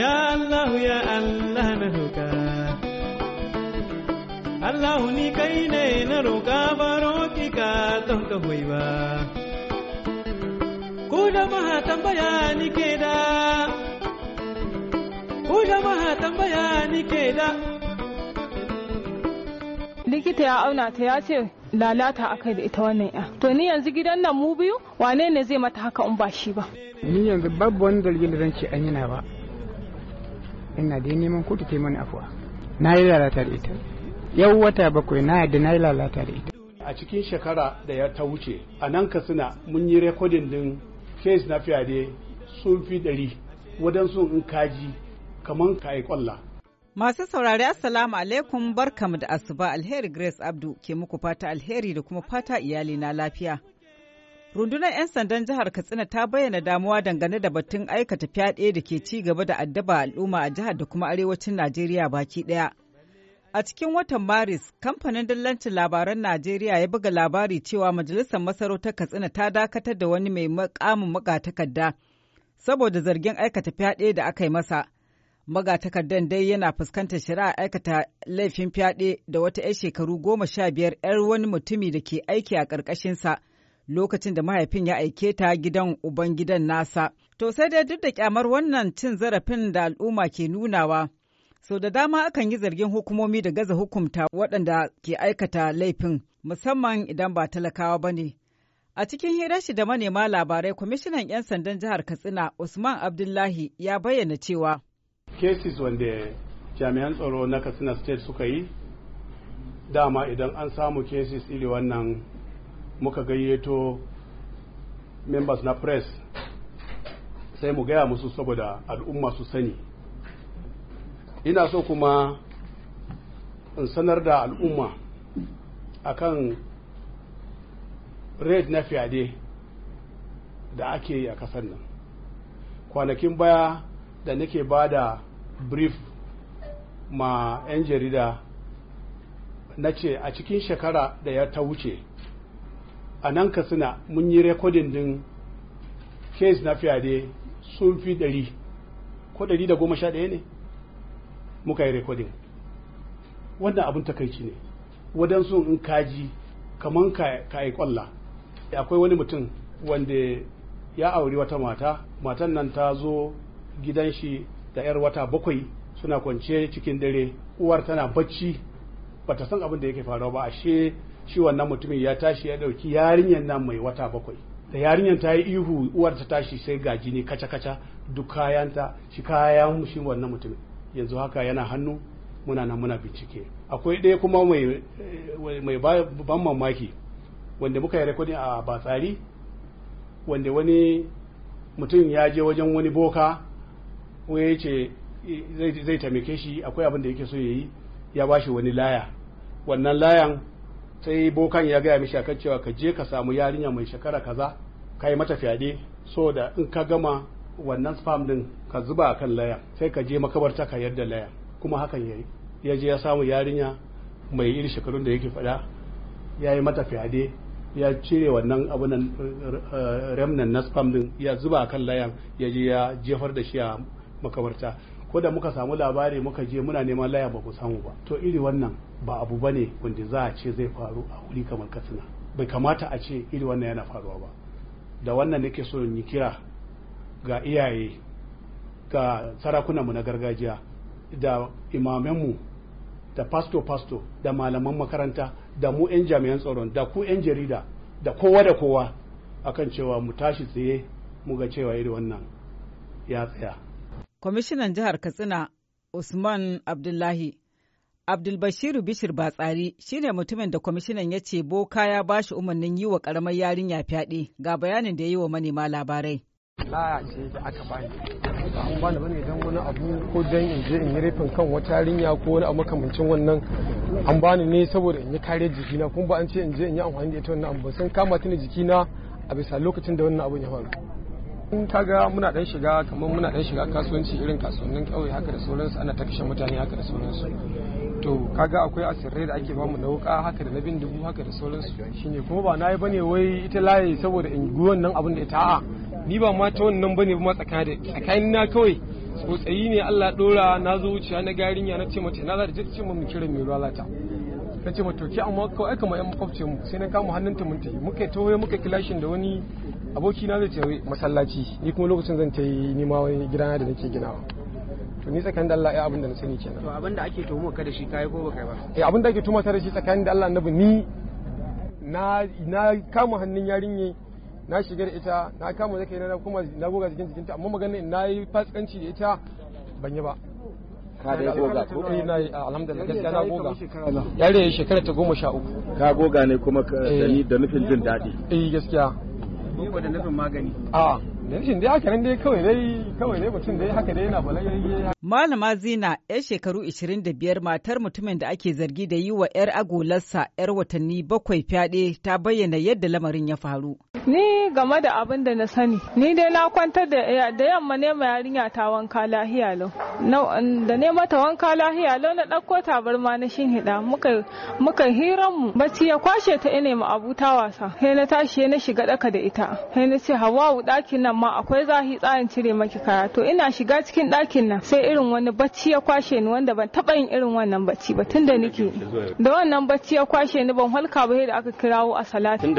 Ya Allah ya Allah na roƙa Allah ni kai ne na roƙa baro ki ka don ka hoyi ba Ku jama'a tambaya ni ke da Ku jama'a tambaya ni ke da Likita ya auna ta ya ce lalata akai da ita wannan ya to ni yanzu gidan nan mu biyu wane ne zai mata haka in ba shi ba ni yanzu babu wani dalilin da zan ce an yana ba ina da neman kotu ta afuwa na yi lalata da ita yau wata bakwai na yadda na yi lalata da ita a cikin shekara da ya ta wuce a nan katsina mun yi rekodin din kes na fiye sun fi ɗari sun in kaji kaman ka yi kwalla Masu saurari Assalamu alaikum barkamu da asuba alheri Grace Abdu ke muku fata alheri da kuma fata iyali na lafiya. Rundunar 'yan sandan jihar Katsina ta bayyana damuwa dangane da batun aikata fyaɗe da ke ci gaba da addaba al'umma a jihar da kuma arewacin Najeriya baki ɗaya. A cikin watan Maris, kamfanin dillancin labaran Najeriya ya buga labari cewa Majalisar Masarautar Katsina ta dakatar da wani mai makamin magatakarda saboda zargin aikata fyaɗe da aka yi masa. Magatakardan dai yana fuskantar shari'a aikata laifin fyaɗe da wata 'yar shekaru goma sha biyar 'yar wani mutumi da ke aiki a ƙarƙashinsa. lokacin da mahaifin ya aike ta gidan ubangidan nasa. To sai dai duk da kyamar wannan cin zarafin da al'umma ke nunawa, sau da dama akan yi zargin hukumomi da gaza hukumta waɗanda ke aikata laifin, musamman idan ba talakawa ba ne. A cikin hirar shi da manema labarai, kwamishinan 'yan sandan jihar Katsina Usman Abdullahi ya bayyana cewa. Cases wanda jami'an tsaro na Katsina State suka yi, dama idan an samu cases iri wannan muka gayyato members na press sai mu gaya musu saboda al'umma su sani ina so kuma in sanar da al'umma akan red na fyade da ake yi a kasar nan kwanakin baya da nake ba da brief ma 'yan jarida na ce a cikin shekara da ya ta wuce a nan ka suna mun yi rekodin din kes na fiyade sun fi ɗari ko ɗari da goma sha ɗaya ne muka yi rekodin wannan abin takaici ne wadansu in kaji kaman ka yi kwalla akwai wani mutum wanda ya auri wata mata matan nan ta zo gidan shi da 'yar wata bakwai suna kwance cikin dare uwar tana bacci bata san abin da yake faruwa ba ashe shi wannan mutumin ya tashi ya ɗauki yarinyar nan mai wata bakwai da yarinyar ta yi ihu uwar ta tashi sai ga jini kaca kaca duk kayanta shi kayan shi wannan mutumin yanzu haka yana hannu muna nan muna bincike akwai ɗaya kuma mai eh, mai ban mamaki wanda muka yi rekodin a batsari wanda wani mutum ya je wajen wani boka ya ce eh, zai taimake shi akwai abin da yake so ya yi ya ba shi wani laya wannan layan sai bokan ya gaya mishi akan cewa ka je ka samu yarinya mai shekara kaza ka yi mata fyaɗe so da in ka gama wannan spam din ka zuba a kan laya sai ka je makabarta ka yarda laya kuma hakan ya yi ya je ya samu yarinya mai iri shekarun da yake faɗa ya yi mata fyaɗe ya cire wannan abunan eh, remnan na spam din ya zuba a kan layan ya je ya jefar da shi a makabarta ko da muka samu labari muka je muna neman laya ba ku samu ba to iri wannan ba abu ba ne wanda za a ce zai faru a wuri kamar katsina bai kamata a ce iri wannan yana faruwa ba da wannan nake so yi kira ga iyaye ga sarakunanmu na gargajiya da imamanmu da pasto-pasto da malaman makaranta da mu 'yan jami'an tsaron da ku 'yan jarida da kowa da kowa akan cewa mu tashi tsaye mu ga cewa iri wannan ya tsaya kwamishinan jihar katsina usman abdullahi abdulbashiru bishir batsari shine mutumin da kwamishinan ya ce boka ya ba shi umarnin yi wa karamar yarinya fyaɗe ga bayanin da ya yi wa manema labarai laya ce da aka bani ba an bani bane don wani abu ko don in je in yi rafin kan wata yarinya ko wani abu makamancin wannan an bani ne saboda in yi kare jikina kuma ba an ce in je in yi amfani da ita wannan abu sun kama ta jikina a bisa lokacin da wannan abun ya faru in ka ga muna dan shiga kamar muna dan shiga kasuwanci irin kasuwannin kauye haka da sauransu ana ta kashe mutane haka da sauransu to kaga akwai asirrai da ake bamu na wuka haka da bin dubu haka da sauransu shine kuma ba nayi bane wai ita layi saboda in guwan nan abin da ita a'a ni ba ma ta wannan bane ba tsakanin na kawai tsotsayi ne Allah dora na zo wuce na garinya na ce mace na za ta ce mu kira mai ruwa lata ta ce mata ki amma kawai kamar yan makwabce mu sai na kama hannunta mun tafi muka tawaye muka kilashin da wani aboki na zai tawaye masallaci ni kuma lokacin zan ta yi nima wani gidana da nake ginawa to ni tsakanin da Allah ya abin da na sani kenan to abin da ake tuhuma ka da shi kai ko ba kai ba eh abin da ake tuhuma ta da shi tsakanin da Allah annabi ni na na kama hannun yarinyar na shiga da ita na kama da kaina kuma na goga jikin ta amma maganin na yi fatsanci da ita ban yi ba ka dai goga ko eh na ah, alhamdulillah gaskiya na goga yare shekara ta goma sha uku ka goga ne kuma da ni da nufin jin eh. daɗi eh gaskiya goga da nufin magani a dai haka dai kawai dai Malama Zina yar shekaru 25 matar mutumin da ake zargi da yi wa 'yar agolarsa 'yar watanni bakwai fyaɗe ta bayyana yadda lamarin ya faru. Ni game da abin da na sani, ni dai na kwantar da da yamma ne ma yarinya ta wanka lahiya lau. Da ne mata wanka lahiya lau na ɗauko tabarma na shin hida muka muka hiran mu bacci ya kwashe ta ina ma abuta wasa. Sai na tashi na shiga ɗaka da ita. Sai na ce Hawwa ɗakin nan amma akwai zahi tsarin cire maki kaya to ina shiga cikin ɗakin nan sai irin wani bacci ya kwashe ni wanda ban taɓa yin irin wannan bacci ba tunda nake da wannan bacci ya kwashe ni ban halka ba da aka kirawo a salati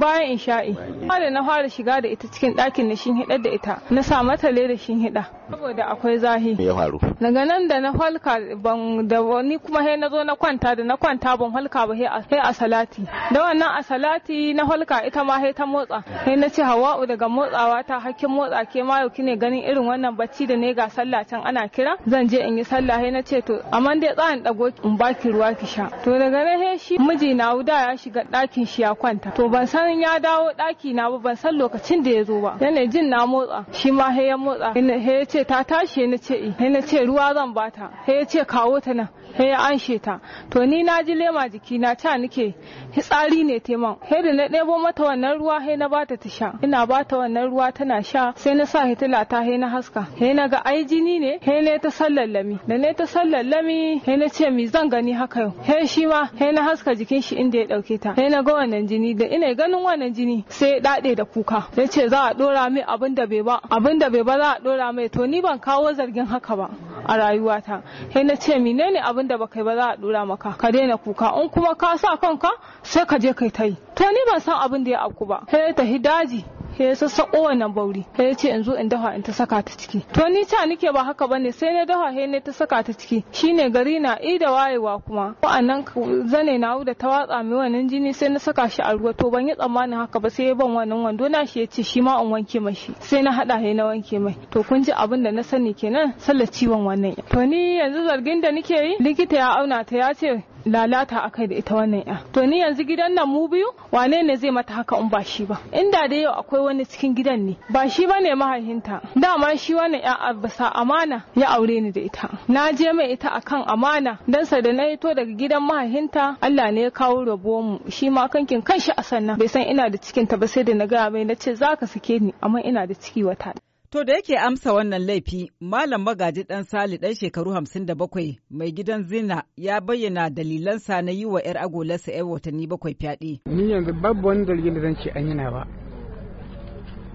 bayan in da na fara shiga da ita cikin ɗakin na shin hidar da ita na sa mata leda shin hida Saboda akwai zahi. Me ya faru? Daga nan da na halka ban da wani kuma he na zo na kwanta da na kwanta ban halka ba he a salati. Da wannan a salati na halka ita ma he ta motsa. He na ce Hawa'u daga motsawa ta hakkin motsa ke ma yau kine ganin irin wannan bacci da ne ga sallah can ana kira zan je in yi sallah he na ce to amma dai tsayin dago in baki ruwa ki sha. To daga nan he shi miji na wuda ya shiga ɗakin shi ya kwanta. To ban san ya dawo ɗaki na ba ban san lokacin da ya zo ba. Yana jin na motsa shi ma he ya motsa he ya ce ta tashi na ce eh na ce ruwa zan bata sai ya ce kawo ta nan sai ya anshe ta to ni na ji lema jiki na ta nike tsari ne man sai da na ɗebo mata wannan ruwa sai na bata ta sha ina bata wannan ruwa tana sha sai na sa hitila ta sai na haska sai na ga ai jini ne sai na ta sallallami da na ta sallallami sai na ce mi zan gani haka yau sai shi ma sai na haska jikin shi inda ya dauke ta sai na ga wannan jini da ina ganin wannan jini sai ya daɗe da kuka sai ce za a ɗora mai abin da bai ba abin da bai ba za a ɗora mai to ni ban kawo zargin haka ba a rayuwata sai na ce menene abin da baka yi ba za a dora maka ka daina kuka in kuma ka sa kanka sai ka je kai ta yi to ni ban san abin da ya auku ba sai ta hidaji he ya sassaƙo wannan bauri he ya ce in zo in dafa in ta saka ta ciki to ni ta nike ba haka bane sai na dafa he ne ta saka ta ciki shine gari na i da wayewa kuma wa'annan zane na da ta watsa mai wannan jini sai na saka shi a ruwa to ban yi tsammanin haka ba sai ya ban wannan wando na shi ya ce shi ma in wanke mashi sai na hada he na wanke mai to kun ji abin da na sani kenan sallar ciwon wannan to ni yanzu zargin da nike yi likita ya auna ta ya ce lalata akai da ita wannan ya to ni yanzu gidan nan mu biyu wane ne zai mata haka in ba shi ba inda da yau akwai wani cikin gidan ne ba shi ba ne mahaihinta dama shi wannan ya a bisa amana ya aure ni da ita na je mai ita akan amana dan sa da na hito daga gidan mahaihinta Allah ne ya kawo rabo mu shi ma kankin shi a sannan bai san ina da cikin ta ba sai da na ga mai nace ce zaka sake ni amma ina da ciki wata To da yake amsa wannan laifi, Malam Magaji ɗan Sali ɗan shekaru hamsin da bakwai mai gidan Zina ya bayyana dalilansa na yi wa 'yar agolarsa 'yar watanni bakwai fyaɗe. Ni yanzu babu wani dalilin da zan ce an yana ba.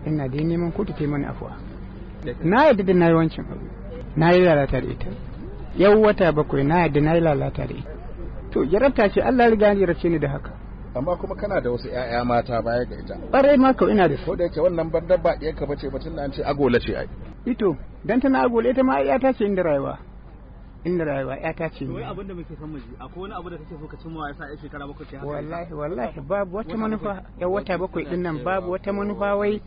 Ina dai neman kotu ta yi mani afuwa. Na yarda da na yi wancan abu. Na yi lalata da ita. Yau wata bakwai na yarda na yi lalata da ita. To jarabta ce Allah riga ni race ni da haka. amma kuma kana da wasu ƴaƴa mata baya ga ita ƙwarai ma ko ina da ko da yake wannan ban dabba ɗiyar ka bace ba tunda an ce agola ce ai ito dan tana agola ita ma ƴata ce inda rayuwa inda rayuwa ƴata ce wai abinda da muke son mu ji akwai wani abu da kake so ka cimma yasa ai shekara bakwai haka wallahi wallahi babu wata manufa ya wata bakwai din nan babu wata manufa wai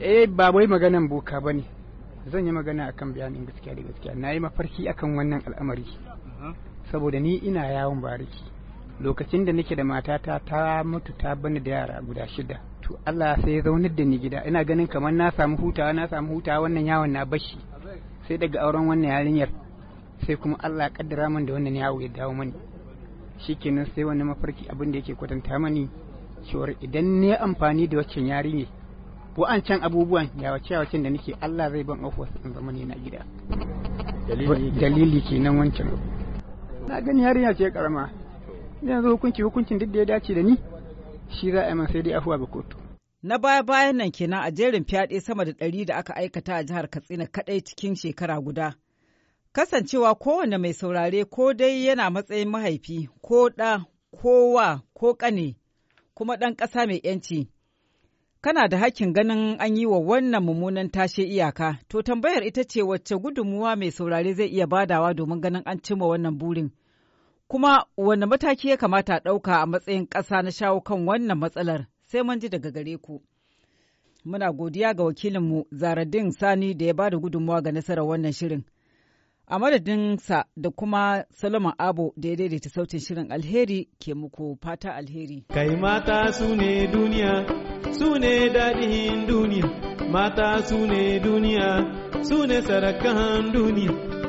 eh ba wai maganan boka bane zan yi magana akan bayanin gaskiya da gaskiya na yi mafarki akan wannan al'amari saboda ni ina yawon bariki lokacin da nake da matata ta mutu ta bani da yara guda shida to Allah sai ya zaunar da ni gida ina ganin kamar na samu hutawa na samu hutawa wannan yawon na bashi sai daga auren wannan yarinyar sai kuma Allah kaddara min da wannan yawo ya dawo mani shikenan sai wani mafarki abin da yake kwatanta mani cewa idan ne amfani da waccan yarinya wa'ancan abubuwan yawace yawacen da nake Allah zai ban ofis in zama na gida dalili kenan wancan na gani yarinya ce karama Idan zo hukunci hukuncin duk da ya dace da ni shi za a yi sai dai afuwa ga kotu. Na baya-bayan nan kenan a jerin fyaɗe sama da ɗari da aka aikata a jihar Katsina kaɗai cikin shekara guda. Kasancewa kowane mai saurare ko dai yana matsayin mahaifi ko ɗa ko wa ko ƙane kuma ɗan ƙasa mai ‘yanci. Kana da hakkin ganin an yi wa wannan mummunan tashe iyaka, to tambayar ita ce wacce gudunmuwa mai saurare zai iya badawa domin ganin an cimma wannan burin. Kuma wanne mataki ya kamata a ɗauka a matsayin ƙasa na shawo kan wannan matsalar sai mun ji daga gare ku. Muna godiya ga wakilinmu Zaradin Sani da ya ba da gudunmawa ga nasarar wannan shirin. A madadinsa da kuma Solomon Abo da ya daidaita sautin shirin alheri ke muku fata alheri. Kai mata su ne duniya, su ne daɗin duniya, mata su ne duniya, su ne sarakan duniya.